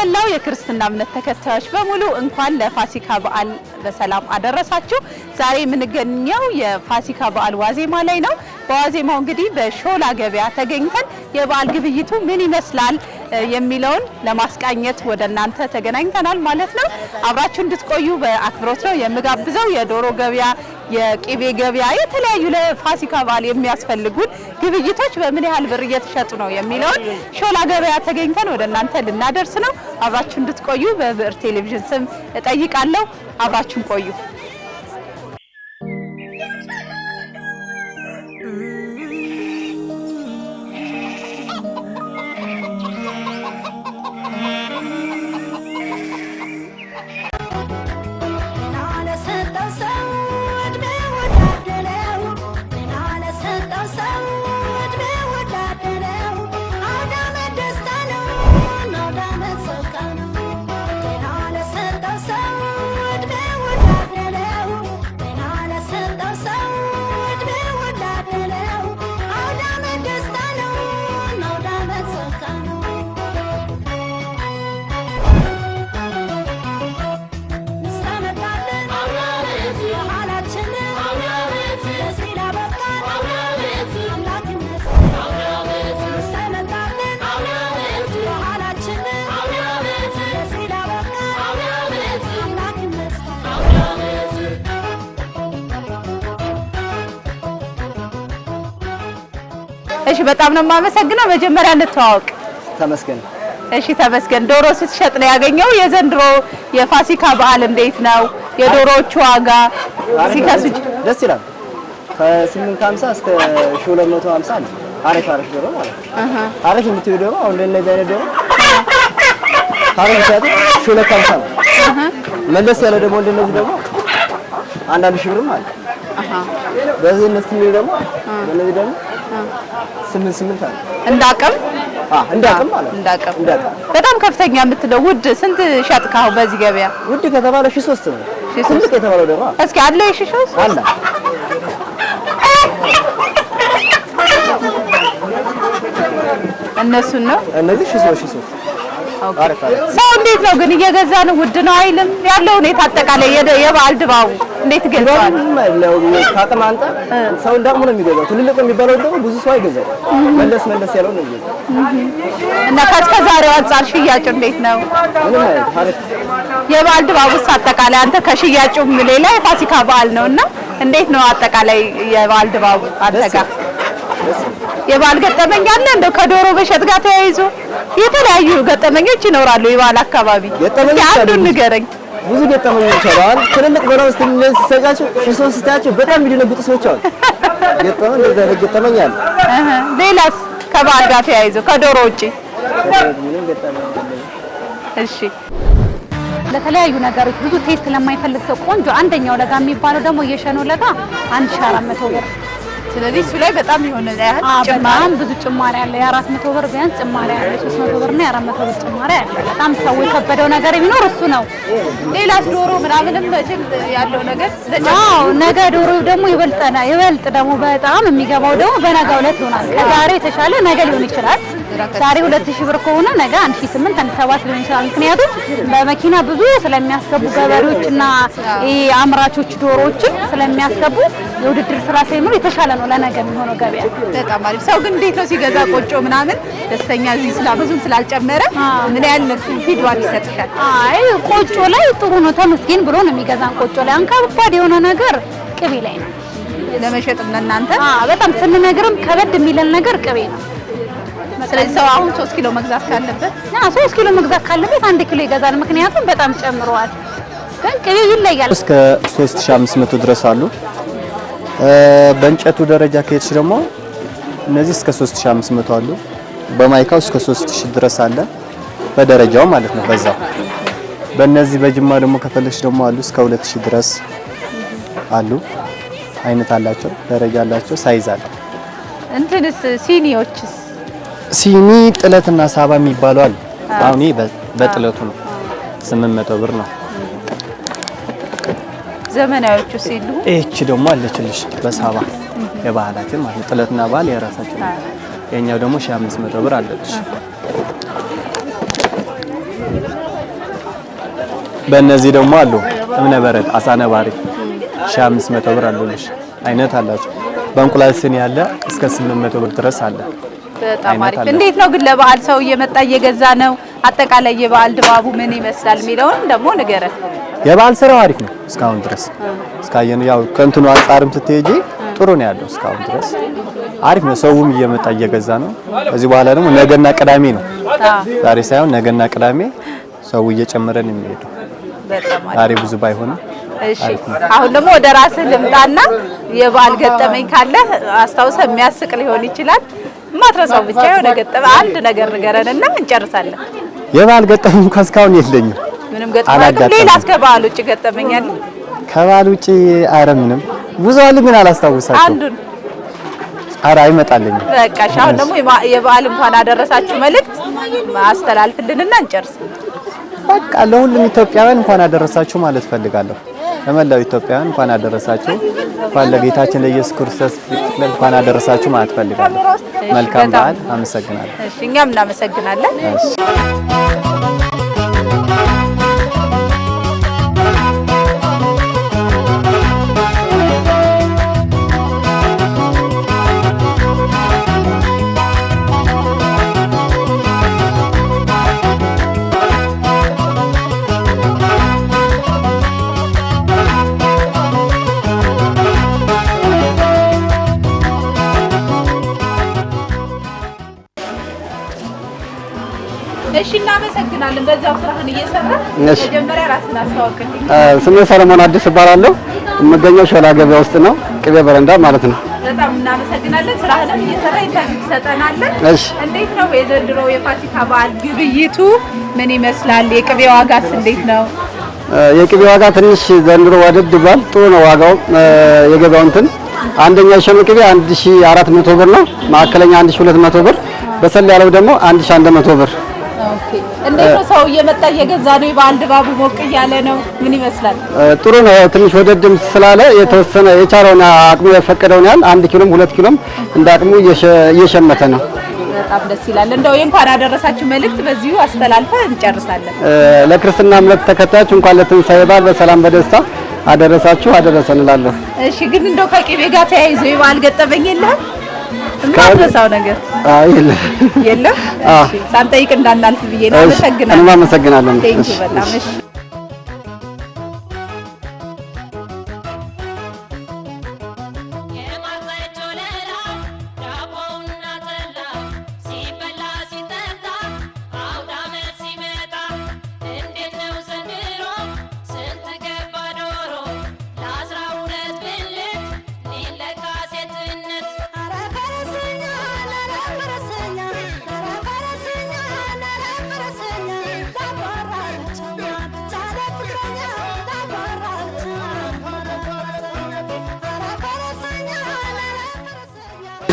መላው የክርስትና እምነት ተከታዮች በሙሉ እንኳን ለፋሲካ በዓል በሰላም አደረሳችሁ። ዛሬ የምንገኘው የፋሲካ በዓል ዋዜማ ላይ ነው። በዋዜማው እንግዲህ በሾላ ገበያ ተገኝተን የበዓል ግብይቱ ምን ይመስላል የሚለውን ለማስቃኘት ወደ እናንተ ተገናኝተናል ማለት ነው። አብራችሁ እንድትቆዩ በአክብሮት ነው የምጋብዘው። የዶሮ ገበያ የቅቤ ገበያ፣ የተለያዩ ለፋሲካ በዓል የሚያስፈልጉን ግብይቶች በምን ያህል ብር እየተሸጡ ነው የሚለውን ሾላ ገበያ ተገኝተን ወደ እናንተ ልናደርስ ነው። አብራችሁ እንድትቆዩ በብዕር ቴሌቪዥን ስም እጠይቃለሁ። አብራችሁን ቆዩ። እሺ፣ በጣም ነው የማመሰግነው። መጀመሪያ እንተዋወቅ። ተመስገን። እሺ፣ ተመስገን ዶሮ ስትሸጥ ነው ያገኘው። የዘንድሮ የፋሲካ በዓል እንዴት ነው? የዶሮዎቹ ዋጋ ሲከሱጅ ደስ ይላል። ከ850 እስከ 250 ነው። አሪፍ አሪፍ ዶሮ ማለት ነው። አሪፍ የምትይው ዶሮ አሁን እንደነዚህ አይነት ዶሮ አሪፍ ሰዓት 1250 ነው። መለስ ያለ ደግሞ እንደነዚህ ደግሞ አንዳንድ ሺህ ብርም አለ። በዚህ እነሱ የሚሉ ደግሞ በእነዚህ ደግሞ ስምንት ስምንት አለ እንዳቅም እንዳቅም በጣም ከፍተኛ የምትለው ውድ ስንት ሸጥካው በዚህ ገበያ ውድ ከተባለ ሺህ ሦስት ነው። ትልቅ የተባለው ደግሞ እስኪ አለ ሺህ ሦስት አለ እነሱን ነው እነዚህ ሺህ ሦስት ሺህ ሦስት ሰው እንዴት ነው ግን እየገዛን ውድ ነው አይልም? ያለው ሁኔታ አጠቃላይ የበዓል ድባቡ እንዴት ይገዛል? ከአቅም አንጻር ሰው እንደ ነው የሚገዛው። ትልልቅ የሚባለው ደግሞ ብዙ ሰው መለስ መለስ ያለው ነው የሚገዛው። እና አንጻር ሽያጩ እንዴት ነው? የበዓል ድባቡስ አጠቃላይ አንተ ከሽያጩም ሌላ የፋሲካ በዓል ነው እና እንዴት ነው አጠቃላይ የበዓል ድባቡ አጠቃ የበዓል ገጠመኝ አለ እንደው ከዶሮ በሸጥ ጋር ተያይዞ የተለያዩ ገጠመኞች ይኖራሉ። የበዓል አካባቢ አንዱን ንገረኝ። ብዙ ገጠመኞች አሉ። ትልልቅ ሆነው ስትሰጫቸው እሱን ስታያቸው በጣም የሚደነግጡ ሰዎች አሉ። ገጠመኝ ገጠመኝ አለ። ሌላስ ከበዓል ጋር ተያይዞ ከዶሮ ውጪ? እሺ ለተለያዩ ነገሮች ብዙ ቴስት ለማይፈልግ ሰው ቆንጆ አንደኛው ለጋ የሚባለው ደግሞ የሸኖ ለጋ አንድ ብር ስለዚህ እሱ ላይ በጣም የሆነ ያህል በጣም ብዙ ጭማሪ አለ። የአራት መቶ ብር ቢያንስ ጭማሪ አለ። ሶስት መቶ ብር እና የአራት መቶ ብር ጭማሪ አለ። በጣም ሰው የከበደው ነገር ቢኖር እሱ ነው። ሌላ ዶሮ ምናምንም ያለው ነገር አዎ፣ ነገ ዶሮ ደግሞ ይበልጥ ደግሞ በጣም የሚገባው ደግሞ በነገ ዕለት ይሆናል። ከዛሬ የተሻለ ነገ ሊሆን ይችላል። ዛሬ ሁለት ሺህ ብር ከሆነ ነገ አንድ ሺህ ስምንት አንድ ሰባት ሊሆን ይችላል። ምክንያቱም በመኪና ብዙ ስለሚያስገቡ ገበሬዎችና አምራቾች ዶሮዎችን ስለሚያስገቡ የውድድር ስራ ሳይኖር የተሻለ ነው ለነገ የሚሆነው ገበያ። በጣም አሪፍ። ሰው ግን እንዴት ነው ሲገዛ ቆጮ ምናምን ደስተኛ እዚህ ስላ ብዙም ስላልጨመረ ምን ያህል ነው ፊድባክ ይሰጥሻል? አይ ቆጮ ላይ ጥሩ ነው ተመስገን ብሎ ነው የሚገዛን። ቆጮ ላይ አንካባድ የሆነ ነገር ቅቤ ላይ ነው ለመሸጥ ለእናንተ በጣም ስንነግርም ከበድ የሚለን ነገር ቅቤ ነው። ስለዚህ ሰው አሁን ሶስት ኪሎ መግዛት ካለበት ና ሶስት ኪሎ መግዛት ካለበት አንድ ኪሎ ይገዛል። ምክንያቱም በጣም ጨምሯል። ግን ይለያል። እስከ 3500 ድረስ አሉ። በእንጨቱ ደረጃ ከሄድሽ ደግሞ እነዚህ እስከ 3500 አሉ። በማይካው እስከ 3000 ድረስ አለ። በደረጃው ማለት ነው በዛው በእነዚህ በጅማ ደግሞ ከፈለግሽ ደግሞ አሉ እስከ 2000 ድረስ አሉ። አይነት አላቸው፣ ደረጃ አላቸው፣ ሳይዝ አለ። እንትንስ ሲኒዎችስ ሲኒ ጥለትና ሳባ የሚባሉ አሉ። አሁን በጥለቱ ነው 800 ብር ነው። ዘመናዎቹ ሲሉ እቺ ደግሞ አለችልሽ በሳባ የባህላችን ማለት ጥለትና ባህል የራሳችን የኛው ደግሞ 500 ብር አለች። በእነዚህ ደግሞ አሉ እብነበረድ አሳነባሪ 500 ብር አሉልሽ አይነት አላቸው። በእንቁላል ሲኒ ያለ እስከ 800 ብር ድረስ አለ። በጣም አሪፍ። እንዴት ነው ግን ለበዓል ሰው እየመጣ እየገዛ ነው? አጠቃላይ የበዓል ድባቡ ምን ይመስላል የሚለውን ደግሞ ንገረን። የበዓል ስራው አሪፍ ነው እስካሁን ድረስ እስካየን፣ ያው ከእንትኑ አንጻርም ስትሄጂ ጥሩ ነው ያለው እስካሁን ድረስ አሪፍ ነው። ሰውም እየመጣ እየገዛ ነው። ከዚህ በኋላ ደግሞ ነገና ቅዳሜ ነው፣ ዛሬ ሳይሆን ነገና ቅዳሜ ሰው እየጨመረን የሚሄደው ዛሬ ብዙ ባይሆንም። እሺ አሁን ደግሞ ወደ ራስህ ልምጣና የበዓል ገጠመኝ ካለ አስታውሰህ የሚያስቅ ሊሆን ይችላል ማትረሳው ብቻ የሆነ ገጠመ አንድ ነገር ንገረንና እንጨርሳለን። የበዓል ገጠመኝ እንኳን እስካሁን የለኝም። ምንም ገጠመኝ ውጭ ገጠመኝ አለ? ከበዓል ውጭ ምንም ብዙ አሉ፣ ግን አንዱን በቃ አሁን ደግሞ የበዓል እንኳን አደረሳችሁ መልእክት አስተላልፍልንና እንጨርስ። በቃ ለሁሉም ኢትዮጵያውያን እንኳን አደረሳችሁ ማለት ፈልጋለሁ። ለመላው ኢትዮጵያውያን እንኳን አደረሳችሁ። እንኳን ለጌታችን ለኢየሱስ ክርስቶስ እንኳን አደረሳችሁ ማለት ፈልጋለሁ። መልካም በዓል። አመሰግናለሁ። እሺ፣ እኛም እናመሰግናለን። እናመሰግናለን። በዛው ስራህን እየሰራ መጀመሪያ ራስን አስተዋውቅልኝ። ስሜ ሰለሞን አዲስ እባላለሁ። የምገኘው ሾላ ገበያ ውስጥ ነው፣ ቅቤ በረንዳ ማለት ነው። በጣም እናመሰግናለን። ስራህንም እየሰራ ኢንተርቪው ትሰጠናለን። እንዴት ነው የዘንድሮ የፋሲካ በዓል ግብይቱ ምን ይመስላል? የቅቤ ዋጋስ እንዴት ነው? የቅቤ ዋጋ ትንሽ ዘንድሮ ወደድ ብሏል። ጥሩ ነው ዋጋው የገበያው እንትን አንደኛ የሸኖ ቅቤ 1400 ብር ነው። ማዕከለኛ 1200 ብር፣ በሰል ያለው ደግሞ 1100 ብር። ኦኬ እንዴት ነው ሰው እየመጣ እየገዛ ነው? በዓል ድባቡ ሞቅ እያለ ነው። ምን ይመስላል? ጥሩ ነው። ትንሽ ወደድም ስላለ የተወሰነ የቻለውን አቅሙ የፈቀደውን ያህል አንድ ኪሎም ሁለት ኪሎም እንደ አቅሙ እየሸመተ ነው። በጣም ደስ ይላል። እንደው እንኳን አደረሳችሁ መልእክት በዚሁ አስተላልፈን እንጨርሳለን። ለክርስትና እምነት ተከታዮች እንኳን ለትንሳኤ በዓል በሰላም በደስታ አደረሳችሁ አደረሰን እላለሁ። እሺ፣ ግን እንደው ከቅቤ ጋር ተያይዞ የበዓል ገጠመኝ የለህም? የማትረሳው ነገር? አይ የለም፣ የለም። ሳንጠይቅ እንዳናልፍ ብዬ ነው። አመሰግናለሁ። እናመሰግናለን።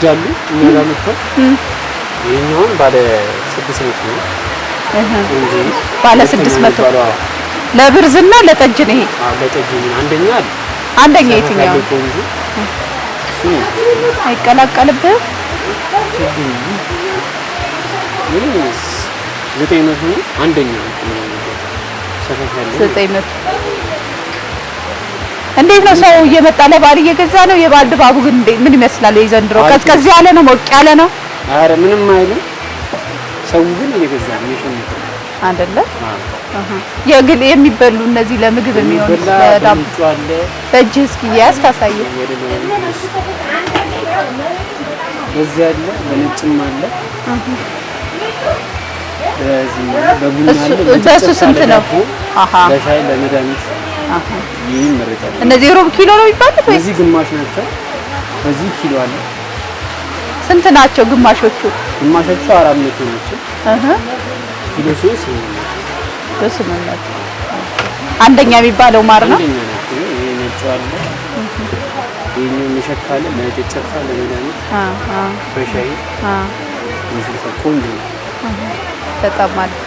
ይወስዳሉ። እኛ ጋር መጥተው ይሄኛውን ባለ ስድስት መቶ ነው። ባለ ስድስት መቶ ለብርዝና ለጠጅ ነው። ይሄ ለጠጅ አንደኛ አለ አንደኛ የትኛው አይቀላቀልብህም? ዘጠኝ መቶ አንደኛ ዘጠኝ መቶ እንዴት ነው ሰው እየመጣ ለበዓል እየገዛ ነው? የበዓል ድባቡ ግን ምን ይመስላል? የዘንድሮ ቀዝቀዝ ያለ ነው? ሞቅ ያለ ነው? አረ ምንም አይልም። ሰው ግን እየገዛ ነው አይደለ? የግል የሚበሉ እነዚህ ለምግብ የሚሆኑ ለዳቦ በእጅ እስኪ ያዝ ታሳየ። በዚህ አለ፣ በነጭም አለ። በሱ ስንት ነው? አሃ ለሻይ ለመድኃኒት ይህም ምርቃል እነዚህ ሩብ ኪሎ ነው የሚባሉት ወይ እዚህ ግማሽ ናቸው? በዚህ ኪሎ አለ። ስንት ናቸው ግማሾቹ? ግማሾቹ አራት መቶ ናቸው። ኪሎ ሶስት ስምንት አንደኛ የሚባለው ማር ነው። ይህኛው የሚሸካለ ለጨጨፋ ለመድኃኒት በሻይ ቆንጆ ነው በጣም ማለት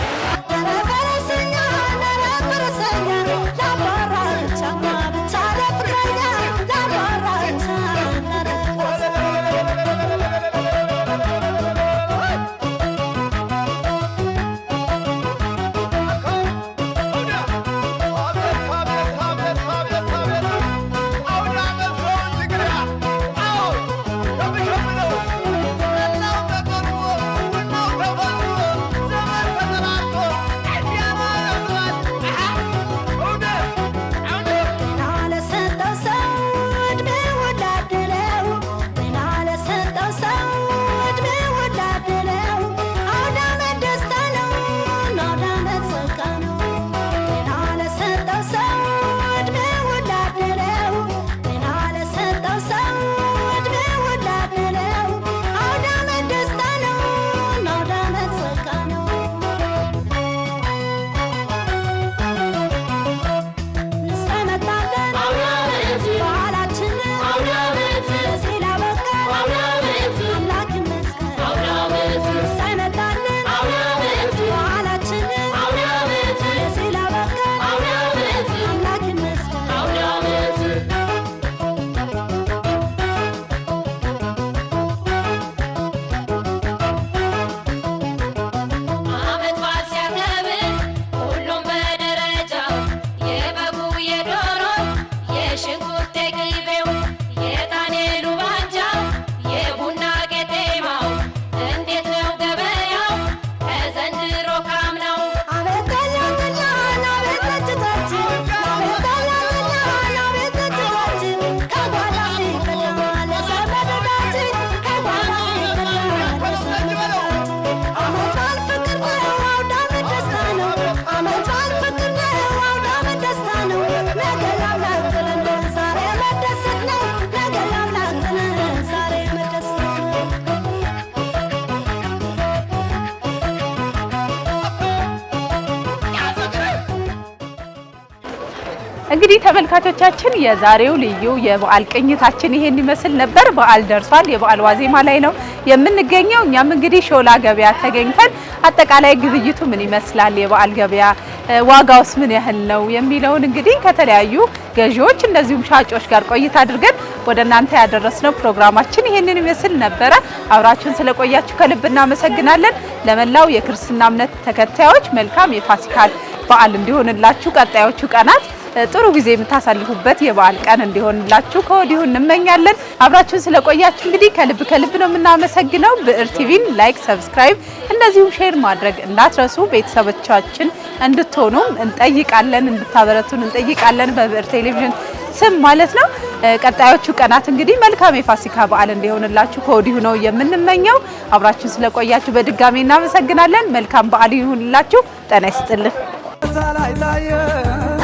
እንግዲህ ተመልካቾቻችን የዛሬው ልዩ የበዓል ቅኝታችን ይሄን ይመስል ነበር። በዓል ደርሷል። የበዓል ዋዜማ ላይ ነው የምንገኘው። እኛም እንግዲህ ሾላ ገበያ ተገኝተን አጠቃላይ ግብይቱ ምን ይመስላል፣ የበዓል ገበያ ዋጋውስ ምን ያህል ነው የሚለውን እንግዲህ ከተለያዩ ገዢዎች እንደዚሁም ሻጮች ጋር ቆይታ አድርገን ወደ እናንተ ያደረስነው ፕሮግራማችን ይሄንን ይመስል ነበረ። አብራችሁን ስለቆያችሁ ከልብ እናመሰግናለን። ለመላው የክርስትና እምነት ተከታዮች መልካም የፋሲካል በዓል እንዲሆንላችሁ ቀጣዮቹ ቀናት ጥሩ ጊዜ የምታሳልፉበት የበዓል ቀን እንዲሆንላችሁ ከወዲሁ እንመኛለን። አብራችሁን ስለቆያችሁ እንግዲህ ከልብ ከልብ ነው የምናመሰግነው። ብዕር ቲቪን ላይክ፣ ሰብስክራይብ እንደዚሁም ሼር ማድረግ እንዳትረሱ ቤተሰቦቻችን እንድትሆኑም እንጠይቃለን። እንድታበረቱን እንጠይቃለን በብዕር ቴሌቪዥን ስም ማለት ነው። ቀጣዮቹ ቀናት እንግዲህ መልካም የፋሲካ በዓል እንዲሆንላችሁ ከወዲሁ ነው የምንመኘው። አብራችሁን ስለቆያችሁ በድጋሚ እናመሰግናለን። መልካም በዓል ይሁንላችሁ። ጤና ይስጥልን።